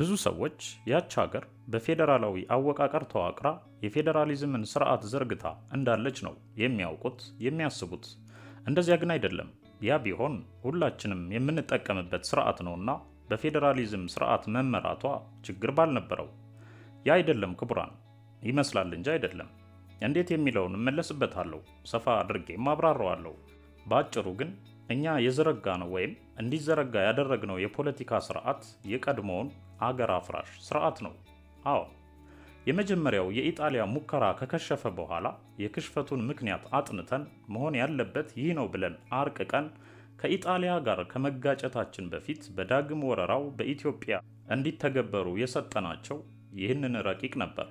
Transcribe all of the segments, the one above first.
ብዙ ሰዎች ያች ሀገር በፌዴራላዊ አወቃቀር ተዋቅራ የፌዴራሊዝምን ስርዓት ዘርግታ እንዳለች ነው የሚያውቁት የሚያስቡት። እንደዚያ ግን አይደለም። ያ ቢሆን ሁላችንም የምንጠቀምበት ስርዓት ነውና በፌዴራሊዝም ስርዓት መመራቷ ችግር ባልነበረው። ያ አይደለም ክቡራን፣ ይመስላል እንጂ አይደለም። እንዴት የሚለውን እመለስበታለሁ፣ ሰፋ አድርጌም አብራረዋለሁ። በአጭሩ ግን እኛ የዘረጋ ነው ወይም እንዲዘረጋ ያደረግነው የፖለቲካ ስርዓት የቀድሞውን አገር አፍራሽ ስርዓት ነው። አዎ የመጀመሪያው የኢጣሊያ ሙከራ ከከሸፈ በኋላ የክሽፈቱን ምክንያት አጥንተን መሆን ያለበት ይህ ነው ብለን አርቅቀን ከኢጣሊያ ጋር ከመጋጨታችን በፊት በዳግም ወረራው በኢትዮጵያ እንዲተገበሩ የሰጠናቸው ይህንን ረቂቅ ነበር።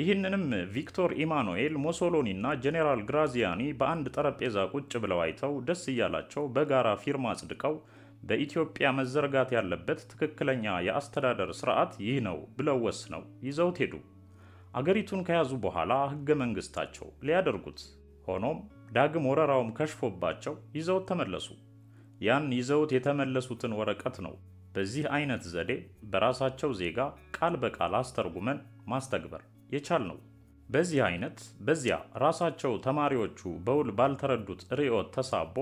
ይህንንም ቪክቶር ኢማኑኤል ሞሶሎኒ እና ጄኔራል ግራዚያኒ በአንድ ጠረጴዛ ቁጭ ብለው አይተው ደስ እያላቸው በጋራ ፊርማ አጽድቀው በኢትዮጵያ መዘርጋት ያለበት ትክክለኛ የአስተዳደር ስርዓት ይህ ነው ብለው ወስነው ይዘውት ሄዱ። አገሪቱን ከያዙ በኋላ ህገ መንግስታቸው ሊያደርጉት፣ ሆኖም ዳግም ወረራውም ከሽፎባቸው ይዘውት ተመለሱ። ያን ይዘውት የተመለሱትን ወረቀት ነው በዚህ አይነት ዘዴ በራሳቸው ዜጋ ቃል በቃል አስተርጉመን ማስተግበር ነው። በዚህ አይነት በዚያ ራሳቸው ተማሪዎቹ በውል ባልተረዱት ርዕዮት ተሳቦ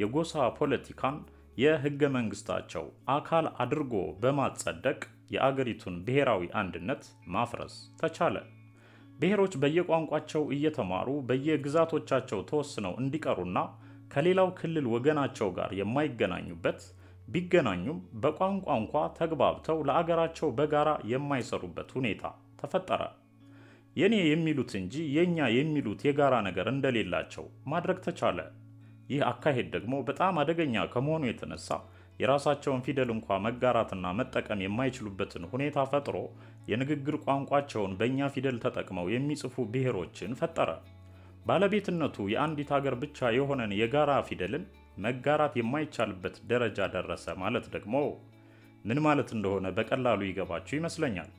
የጎሳ ፖለቲካን የህገ መንግስታቸው አካል አድርጎ በማጸደቅ የአገሪቱን ብሔራዊ አንድነት ማፍረስ ተቻለ። ብሔሮች በየቋንቋቸው እየተማሩ በየግዛቶቻቸው ተወስነው እንዲቀሩና ከሌላው ክልል ወገናቸው ጋር የማይገናኙበት ቢገናኙም በቋንቋ እንኳ ተግባብተው ለአገራቸው በጋራ የማይሰሩበት ሁኔታ ተፈጠረ። የኔ የሚሉት እንጂ የእኛ የሚሉት የጋራ ነገር እንደሌላቸው ማድረግ ተቻለ። ይህ አካሄድ ደግሞ በጣም አደገኛ ከመሆኑ የተነሳ የራሳቸውን ፊደል እንኳ መጋራትና መጠቀም የማይችሉበትን ሁኔታ ፈጥሮ የንግግር ቋንቋቸውን በእኛ ፊደል ተጠቅመው የሚጽፉ ብሔሮችን ፈጠረ። ባለቤትነቱ የአንዲት ሀገር ብቻ የሆነን የጋራ ፊደልን መጋራት የማይቻልበት ደረጃ ደረሰ ማለት ደግሞ ምን ማለት እንደሆነ በቀላሉ ይገባችሁ ይመስለኛል።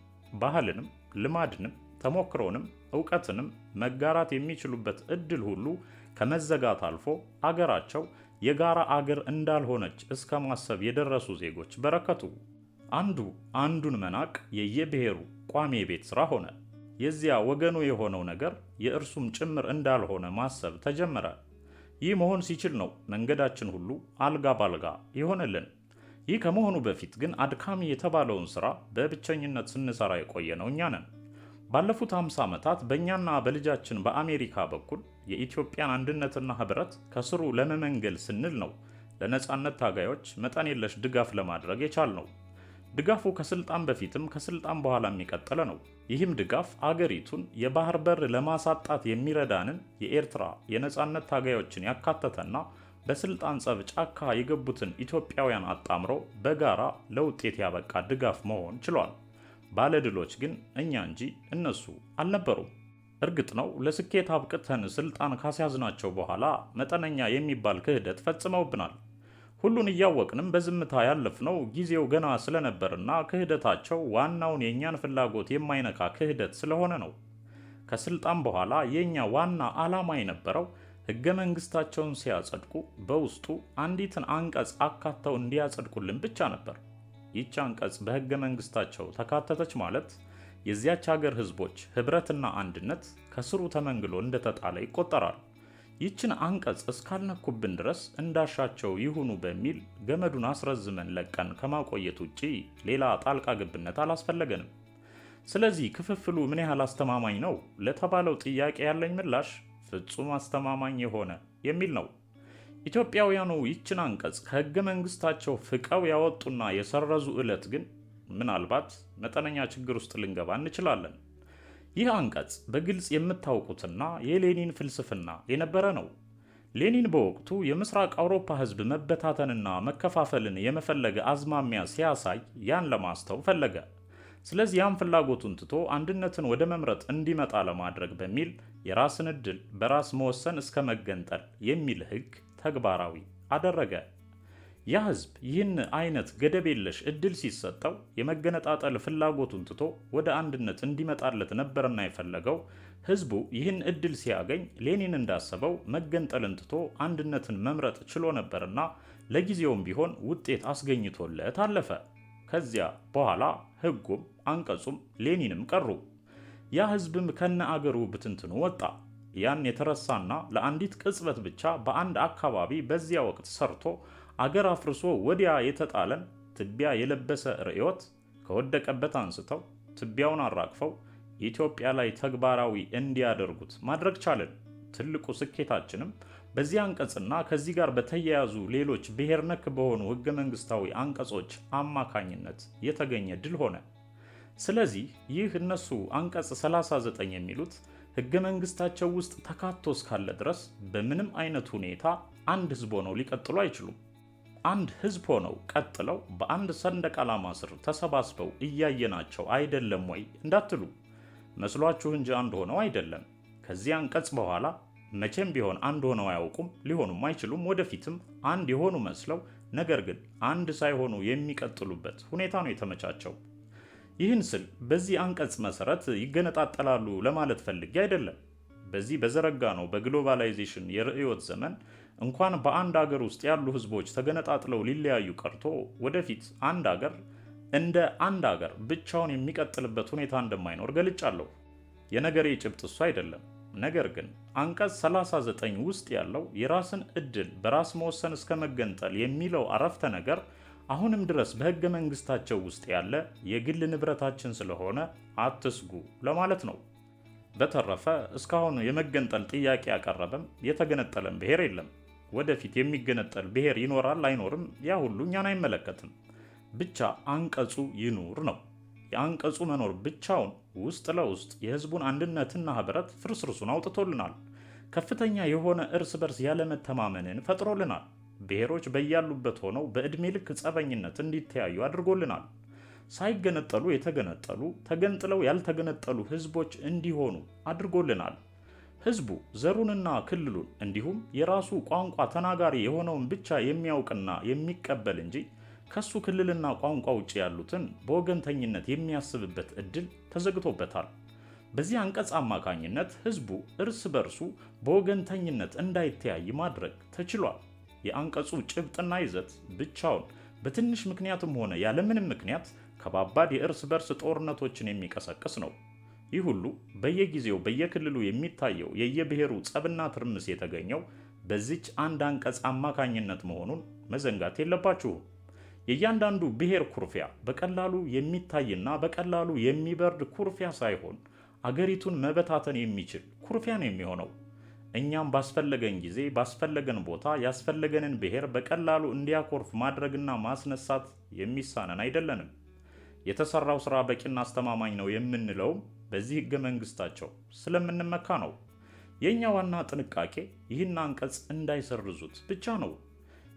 ባህልንም ልማድንም ተሞክሮንም እውቀትንም መጋራት የሚችሉበት እድል ሁሉ ከመዘጋት አልፎ አገራቸው የጋራ አገር እንዳልሆነች እስከ ማሰብ የደረሱ ዜጎች በረከቱ። አንዱ አንዱን መናቅ የየብሔሩ ቋሚ የቤት ሥራ ሆነ። የዚያ ወገኑ የሆነው ነገር የእርሱም ጭምር እንዳልሆነ ማሰብ ተጀመረ። ይህ መሆን ሲችል ነው መንገዳችን ሁሉ አልጋ ባልጋ ይሆነልን። ይህ ከመሆኑ በፊት ግን አድካሚ የተባለውን ሥራ በብቸኝነት ስንሰራ ነው እኛ ነን። ባለፉት 50 ዓመታት በእኛና በልጃችን በአሜሪካ በኩል የኢትዮጵያን አንድነትና ህብረት ከስሩ ለመመንገል ስንል ነው ለነፃነት ታጋዮች መጠን የለሽ ድጋፍ ለማድረግ የቻል ነው። ድጋፉ ከስልጣን በፊትም ከስልጣን በኋላ የሚቀጠለ ነው። ይህም ድጋፍ አገሪቱን የባህር በር ለማሳጣት የሚረዳንን የኤርትራ የነፃነት ታጋዮችን ያካተተና በስልጣን ጸብ ጫካ የገቡትን ኢትዮጵያውያን አጣምሮ በጋራ ለውጤት ያበቃ ድጋፍ መሆን ችሏል። ባለድሎች ግን እኛ እንጂ እነሱ አልነበሩም። እርግጥ ነው ለስኬት አብቅተን ስልጣን ካስያዝናቸው በኋላ መጠነኛ የሚባል ክህደት ፈጽመውብናል። ሁሉን እያወቅንም በዝምታ ያለፍነው ጊዜው ገና ስለነበርና ክህደታቸው ዋናውን የእኛን ፍላጎት የማይነካ ክህደት ስለሆነ ነው። ከስልጣን በኋላ የእኛ ዋና ዓላማ የነበረው ሕገ መንግሥታቸውን ሲያጸድቁ በውስጡ አንዲትን አንቀጽ አካተው እንዲያጸድቁልን ብቻ ነበር። ይች አንቀጽ በህገ መንግስታቸው ተካተተች ማለት የዚያች ሀገር ህዝቦች ህብረትና አንድነት ከስሩ ተመንግሎ እንደተጣለ ይቆጠራል። ይችን አንቀጽ እስካልነኩብን ድረስ እንዳሻቸው ይሁኑ በሚል ገመዱን አስረዝመን ለቀን ከማቆየት ውጪ ሌላ ጣልቃ ግብነት አላስፈለገንም። ስለዚህ ክፍፍሉ ምን ያህል አስተማማኝ ነው ለተባለው ጥያቄ ያለኝ ምላሽ ፍጹም አስተማማኝ የሆነ የሚል ነው። ኢትዮጵያውያኑ ይችን አንቀጽ ከህገ መንግስታቸው ፍቀው ያወጡና የሰረዙ ዕለት ግን ምናልባት መጠነኛ ችግር ውስጥ ልንገባ እንችላለን። ይህ አንቀጽ በግልጽ የምታውቁትና የሌኒን ፍልስፍና የነበረ ነው። ሌኒን በወቅቱ የምስራቅ አውሮፓ ህዝብ መበታተንና መከፋፈልን የመፈለገ አዝማሚያ ሲያሳይ ያን ለማስተው ፈለገ። ስለዚህ ያን ፍላጎቱን ትቶ አንድነትን ወደ መምረጥ እንዲመጣ ለማድረግ በሚል የራስን ዕድል በራስ መወሰን እስከ መገንጠል የሚል ህግ ተግባራዊ አደረገ። ያ ህዝብ ይህን አይነት ገደብ የለሽ እድል ሲሰጠው የመገነጣጠል ፍላጎቱን ትቶ ወደ አንድነት እንዲመጣለት ነበርና የፈለገው። ህዝቡ ይህን እድል ሲያገኝ ሌኒን እንዳሰበው መገንጠልን ትቶ አንድነትን መምረጥ ችሎ ነበርና ለጊዜውም ቢሆን ውጤት አስገኝቶለት አለፈ። ከዚያ በኋላ ህጉም አንቀጹም ሌኒንም ቀሩ። ያ ህዝብም ከነ አገሩ ብትንትኑ ወጣ። ያን የተረሳና ለአንዲት ቅጽበት ብቻ በአንድ አካባቢ በዚያ ወቅት ሰርቶ አገር አፍርሶ ወዲያ የተጣለን ትቢያ የለበሰ ርዕዮት ከወደቀበት አንስተው ትቢያውን አራግፈው ኢትዮጵያ ላይ ተግባራዊ እንዲያደርጉት ማድረግ ቻለን። ትልቁ ስኬታችንም በዚህ አንቀጽና ከዚህ ጋር በተያያዙ ሌሎች ብሔር ነክ በሆኑ ህገ መንግስታዊ አንቀጾች አማካኝነት የተገኘ ድል ሆነ። ስለዚህ ይህ እነሱ አንቀጽ 39 የሚሉት ህገ መንግስታቸው ውስጥ ተካቶ እስካለ ድረስ በምንም አይነት ሁኔታ አንድ ህዝብ ሆነው ሊቀጥሉ አይችሉም። አንድ ህዝብ ሆነው ቀጥለው በአንድ ሰንደቅ ዓላማ ስር ተሰባስበው እያየናቸው አይደለም ወይ እንዳትሉ መስሏችሁ እንጂ አንድ ሆነው አይደለም። ከዚህ አንቀጽ በኋላ መቼም ቢሆን አንድ ሆነው አያውቁም፣ ሊሆኑም አይችሉም። ወደፊትም አንድ የሆኑ መስለው ነገር ግን አንድ ሳይሆኑ የሚቀጥሉበት ሁኔታ ነው የተመቻቸው። ይህን ስል በዚህ አንቀጽ መሰረት ይገነጣጠላሉ ለማለት ፈልጌ አይደለም። በዚህ በዘረጋ ነው በግሎባላይዜሽን የርዕዮት ዘመን እንኳን በአንድ አገር ውስጥ ያሉ ህዝቦች ተገነጣጥለው ሊለያዩ ቀርቶ ወደፊት አንድ አገር እንደ አንድ አገር ብቻውን የሚቀጥልበት ሁኔታ እንደማይኖር ገልጫለሁ። የነገሬ ጭብጥ እሱ አይደለም። ነገር ግን አንቀጽ 39 ውስጥ ያለው የራስን ዕድል በራስ መወሰን እስከ መገንጠል የሚለው አረፍተ ነገር አሁንም ድረስ በህገ መንግስታቸው ውስጥ ያለ የግል ንብረታችን ስለሆነ አትስጉ ለማለት ነው። በተረፈ እስካሁን የመገንጠል ጥያቄ ያቀረበም የተገነጠለም ብሔር የለም። ወደፊት የሚገነጠል ብሔር ይኖራል አይኖርም፣ ያ ሁሉ እኛን አይመለከትም። ብቻ አንቀጹ ይኑር ነው። የአንቀጹ መኖር ብቻውን ውስጥ ለውስጥ የህዝቡን አንድነትና ህብረት ፍርስርሱን አውጥቶልናል። ከፍተኛ የሆነ እርስ በርስ ያለመተማመንን ፈጥሮልናል። ብሔሮች በያሉበት ሆነው በዕድሜ ልክ ጸበኝነት እንዲተያዩ አድርጎልናል። ሳይገነጠሉ የተገነጠሉ ተገንጥለው ያልተገነጠሉ ህዝቦች እንዲሆኑ አድርጎልናል። ህዝቡ ዘሩንና ክልሉን እንዲሁም የራሱ ቋንቋ ተናጋሪ የሆነውን ብቻ የሚያውቅና የሚቀበል እንጂ ከሱ ክልልና ቋንቋ ውጭ ያሉትን በወገንተኝነት የሚያስብበት እድል ተዘግቶበታል። በዚህ አንቀጽ አማካኝነት ህዝቡ እርስ በርሱ በወገንተኝነት እንዳይተያይ ማድረግ ተችሏል። የአንቀጹ ጭብጥና ይዘት ብቻውን በትንሽ ምክንያትም ሆነ ያለምንም ምክንያት ከባባድ የእርስ በርስ ጦርነቶችን የሚቀሰቅስ ነው። ይህ ሁሉ በየጊዜው በየክልሉ የሚታየው የየብሔሩ ጸብና ትርምስ የተገኘው በዚች አንድ አንቀጽ አማካኝነት መሆኑን መዘንጋት የለባችሁም። የእያንዳንዱ ብሔር ኩርፊያ በቀላሉ የሚታይና በቀላሉ የሚበርድ ኩርፊያ ሳይሆን አገሪቱን መበታተን የሚችል ኩርፊያ ነው የሚሆነው። እኛም ባስፈለገን ጊዜ ባስፈለገን ቦታ ያስፈለገንን ብሔር በቀላሉ እንዲያኮርፍ ማድረግና ማስነሳት የሚሳነን አይደለንም። የተሰራው ስራ በቂና አስተማማኝ ነው የምንለው በዚህ ህገ መንግስታቸው ስለምንመካ ነው። የእኛ ዋና ጥንቃቄ ይህን አንቀጽ እንዳይሰርዙት ብቻ ነው።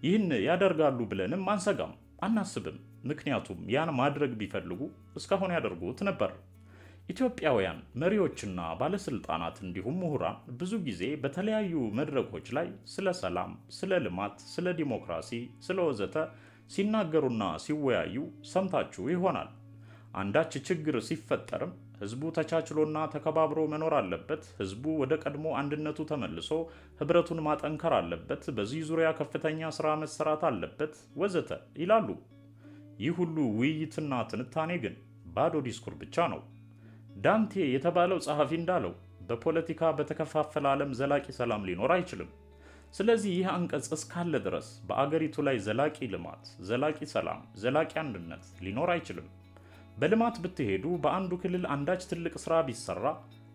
ይህን ያደርጋሉ ብለንም አንሰጋም፣ አናስብም። ምክንያቱም ያን ማድረግ ቢፈልጉ እስካሁን ያደርጉት ነበር። ኢትዮጵያውያን መሪዎችና ባለስልጣናት እንዲሁም ምሁራን ብዙ ጊዜ በተለያዩ መድረኮች ላይ ስለ ሰላም፣ ስለ ልማት፣ ስለ ዲሞክራሲ፣ ስለ ወዘተ ሲናገሩና ሲወያዩ ሰምታችሁ ይሆናል። አንዳች ችግር ሲፈጠርም ህዝቡ ተቻችሎና ተከባብሮ መኖር አለበት፣ ህዝቡ ወደ ቀድሞ አንድነቱ ተመልሶ ህብረቱን ማጠንከር አለበት፣ በዚህ ዙሪያ ከፍተኛ ስራ መሰራት አለበት ወዘተ ይላሉ። ይህ ሁሉ ውይይትና ትንታኔ ግን ባዶ ዲስኩር ብቻ ነው። ዳንቴ የተባለው ጸሐፊ እንዳለው በፖለቲካ በተከፋፈለ ዓለም ዘላቂ ሰላም ሊኖር አይችልም። ስለዚህ ይህ አንቀጽ እስካለ ድረስ በአገሪቱ ላይ ዘላቂ ልማት፣ ዘላቂ ሰላም፣ ዘላቂ አንድነት ሊኖር አይችልም። በልማት ብትሄዱ በአንዱ ክልል አንዳች ትልቅ ስራ ቢሰራ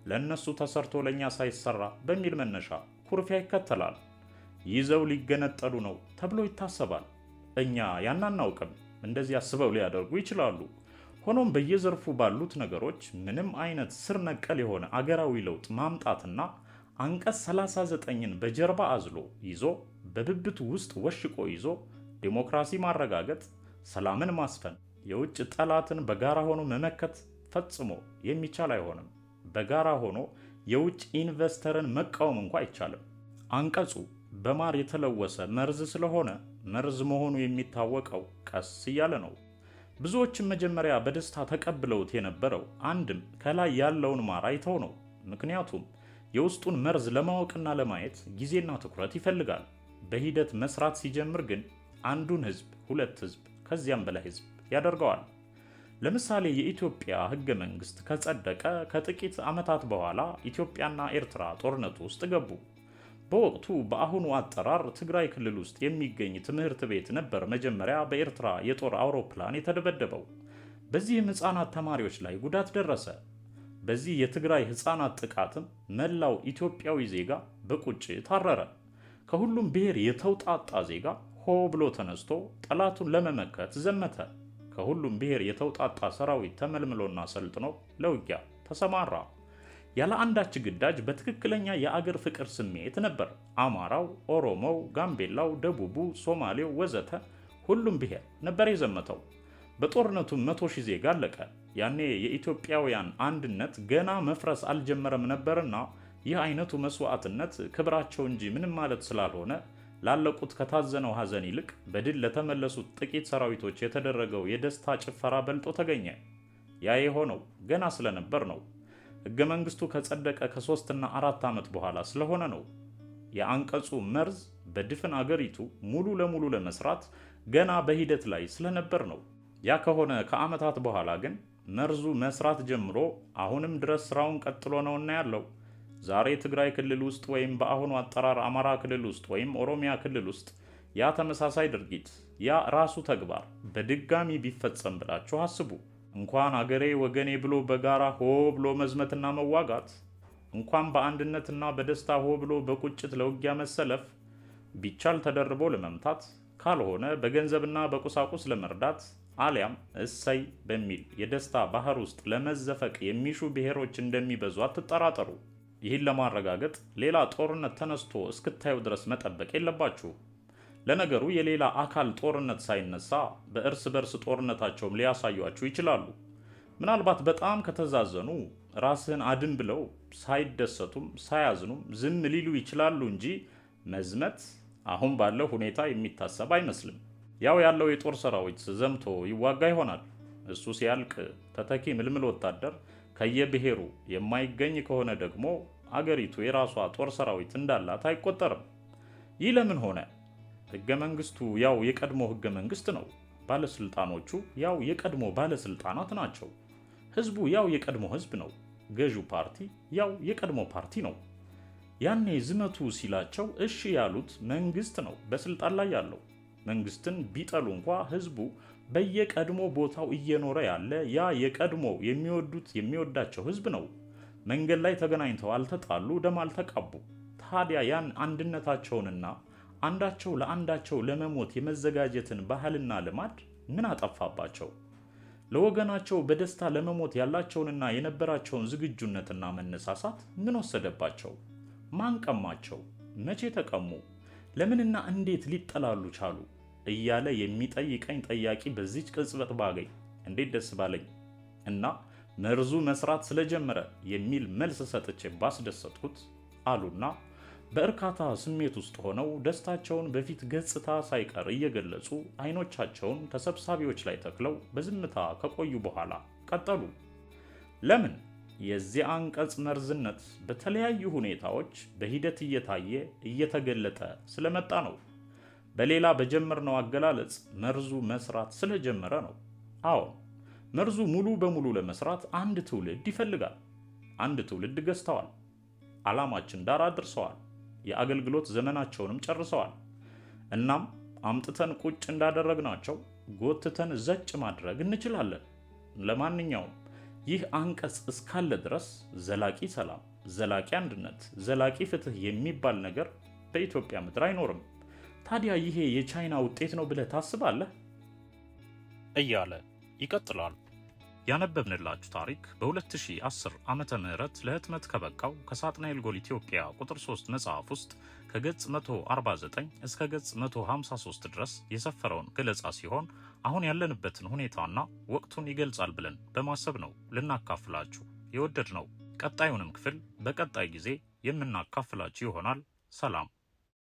ለእነሱ ተሰርቶ ለእኛ ሳይሰራ በሚል መነሻ ኩርፊያ ይከተላል። ይዘው ሊገነጠሉ ነው ተብሎ ይታሰባል። እኛ ያን አናውቅም። እንደዚህ አስበው ሊያደርጉ ይችላሉ። ሆኖም በየዘርፉ ባሉት ነገሮች ምንም አይነት ስር ነቀል የሆነ አገራዊ ለውጥ ማምጣትና አንቀጽ 39ን በጀርባ አዝሎ ይዞ በብብቱ ውስጥ ወሽቆ ይዞ ዴሞክራሲ ማረጋገጥ፣ ሰላምን ማስፈን፣ የውጭ ጠላትን በጋራ ሆኖ መመከት ፈጽሞ የሚቻል አይሆንም። በጋራ ሆኖ የውጭ ኢንቨስተርን መቃወም እንኳ አይቻልም። አንቀጹ በማር የተለወሰ መርዝ ስለሆነ መርዝ መሆኑ የሚታወቀው ቀስ እያለ ነው። ብዙዎችም መጀመሪያ በደስታ ተቀብለውት የነበረው አንድም ከላይ ያለውን ማር አይተው ነው። ምክንያቱም የውስጡን መርዝ ለማወቅና ለማየት ጊዜና ትኩረት ይፈልጋል። በሂደት መስራት ሲጀምር ግን አንዱን ህዝብ፣ ሁለት ህዝብ፣ ከዚያም በላይ ህዝብ ያደርገዋል። ለምሳሌ የኢትዮጵያ ህገ መንግስት ከጸደቀ ከጥቂት ዓመታት በኋላ ኢትዮጵያና ኤርትራ ጦርነቱ ውስጥ ገቡ። በወቅቱ በአሁኑ አጠራር ትግራይ ክልል ውስጥ የሚገኝ ትምህርት ቤት ነበር መጀመሪያ በኤርትራ የጦር አውሮፕላን የተደበደበው። በዚህም ሕፃናት ተማሪዎች ላይ ጉዳት ደረሰ። በዚህ የትግራይ ሕፃናት ጥቃትም መላው ኢትዮጵያዊ ዜጋ በቁጭት አረረ። ከሁሉም ብሔር የተውጣጣ ዜጋ ሆ ብሎ ተነስቶ ጠላቱን ለመመከት ዘመተ። ከሁሉም ብሔር የተውጣጣ ሰራዊት ተመልምሎና ሰልጥኖ ለውጊያ ተሰማራ። ያለ አንዳች ግዳጅ በትክክለኛ የአገር ፍቅር ስሜት ነበር። አማራው፣ ኦሮሞው፣ ጋምቤላው፣ ደቡቡ፣ ሶማሌው ወዘተ ሁሉም ብሔር ነበር የዘመተው። በጦርነቱ መቶ ሺህ ዜጋ አለቀ። ያኔ የኢትዮጵያውያን አንድነት ገና መፍረስ አልጀመረም ነበርና ይህ አይነቱ መስዋዕትነት ክብራቸው እንጂ ምንም ማለት ስላልሆነ ላለቁት ከታዘነው ሐዘን ይልቅ በድል ለተመለሱት ጥቂት ሰራዊቶች የተደረገው የደስታ ጭፈራ በልጦ ተገኘ። ያ የሆነው ገና ስለነበር ነው። ህገ መንግስቱ ከጸደቀ እና አራት ዓመት በኋላ ስለሆነ ነው የአንቀጹ መርዝ በድፍን አገሪቱ ሙሉ ለሙሉ ለመስራት ገና በሂደት ላይ ስለነበር ነው። ያ ከሆነ ከዓመታት በኋላ ግን መርዙ መስራት ጀምሮ አሁንም ድረስ ስራውን ቀጥሎ ነውና ያለው። ዛሬ ትግራይ ክልል ውስጥ ወይም በአሁኑ አጠራር አማራ ክልል ውስጥ ወይም ኦሮሚያ ክልል ውስጥ ያ ተመሳሳይ ድርጊት ያ ራሱ ተግባር በድጋሚ ቢፈጸም ብላችሁ አስቡ። እንኳን አገሬ ወገኔ ብሎ በጋራ ሆ ብሎ መዝመትና መዋጋት እንኳን በአንድነትና በደስታ ሆ ብሎ በቁጭት ለውጊያ መሰለፍ ቢቻል ተደርቦ ለመምታት ካልሆነ በገንዘብና በቁሳቁስ ለመርዳት አሊያም እሰይ በሚል የደስታ ባህር ውስጥ ለመዘፈቅ የሚሹ ብሔሮች እንደሚበዙ አትጠራጠሩ። ይህን ለማረጋገጥ ሌላ ጦርነት ተነስቶ እስክታዩ ድረስ መጠበቅ የለባችሁ። ለነገሩ የሌላ አካል ጦርነት ሳይነሳ በእርስ በርስ ጦርነታቸውም ሊያሳዩአችሁ ይችላሉ። ምናልባት በጣም ከተዛዘኑ ራስህን አድን ብለው ሳይደሰቱም ሳያዝኑም ዝም ሊሉ ይችላሉ እንጂ መዝመት አሁን ባለው ሁኔታ የሚታሰብ አይመስልም። ያው ያለው የጦር ሰራዊት ዘምቶ ይዋጋ ይሆናል። እሱ ሲያልቅ ተተኪ ምልምል ወታደር ከየብሔሩ የማይገኝ ከሆነ ደግሞ አገሪቱ የራሷ ጦር ሰራዊት እንዳላት አይቆጠርም። ይህ ለምን ሆነ? ህገ መንግስቱ ያው የቀድሞ ህገ መንግስት ነው። ባለስልጣኖቹ ያው የቀድሞ ባለስልጣናት ናቸው። ህዝቡ ያው የቀድሞ ህዝብ ነው። ገዢው ፓርቲ ያው የቀድሞ ፓርቲ ነው። ያኔ ዝመቱ ሲላቸው እሺ ያሉት መንግስት ነው በስልጣን ላይ ያለው። መንግስትን ቢጠሉ እንኳ ህዝቡ በየቀድሞ ቦታው እየኖረ ያለ ያ የቀድሞ የሚወዱት የሚወዳቸው ህዝብ ነው። መንገድ ላይ ተገናኝተው አልተጣሉ፣ ደም አልተቃቡ። ታዲያ ያን አንድነታቸውንና አንዳቸው ለአንዳቸው ለመሞት የመዘጋጀትን ባህልና ልማድ ምን አጠፋባቸው? ለወገናቸው በደስታ ለመሞት ያላቸውንና የነበራቸውን ዝግጁነትና መነሳሳት ምን ወሰደባቸው? ማን ቀማቸው? መቼ ተቀሙ? ለምንና እንዴት ሊጠላሉ ቻሉ? እያለ የሚጠይቀኝ ጠያቂ በዚች ቅጽበት ባገኝ እንዴት ደስ ባለኝ እና መርዙ መስራት ስለጀመረ የሚል መልስ ሰጥቼ ባስደሰጥኩት አሉና በእርካታ ስሜት ውስጥ ሆነው ደስታቸውን በፊት ገጽታ ሳይቀር እየገለጹ አይኖቻቸውን ተሰብሳቢዎች ላይ ተክለው በዝምታ ከቆዩ በኋላ ቀጠሉ። ለምን? የዚህ አንቀጽ መርዝነት በተለያዩ ሁኔታዎች በሂደት እየታየ እየተገለጠ ስለመጣ ነው። በሌላ በጀመርነው አገላለጽ መርዙ መስራት ስለጀመረ ነው። አዎ መርዙ ሙሉ በሙሉ ለመስራት አንድ ትውልድ ይፈልጋል። አንድ ትውልድ ገዝተዋል። ዓላማችን ዳር አድርሰዋል። የአገልግሎት ዘመናቸውንም ጨርሰዋል። እናም አምጥተን ቁጭ እንዳደረግናቸው ጎትተን ዘጭ ማድረግ እንችላለን። ለማንኛውም ይህ አንቀጽ እስካለ ድረስ ዘላቂ ሰላም፣ ዘላቂ አንድነት፣ ዘላቂ ፍትህ የሚባል ነገር በኢትዮጵያ ምድር አይኖርም። ታዲያ ይሄ የቻይና ውጤት ነው ብለህ ታስባለህ? እያለ ይቀጥላል። ያነበብንላችሁ ታሪክ በ2010 ዓመተ ምህረት ለህትመት ከበቃው ከሳጥናኤል ጎል ኢትዮጵያ ቁጥር 3 መጽሐፍ ውስጥ ከገጽ 149 እስከ ገጽ 153 ድረስ የሰፈረውን ገለጻ ሲሆን አሁን ያለንበትን ሁኔታና ወቅቱን ይገልጻል ብለን በማሰብ ነው ልናካፍላችሁ የወደድ ነው። ቀጣዩንም ክፍል በቀጣይ ጊዜ የምናካፍላችሁ ይሆናል። ሰላም።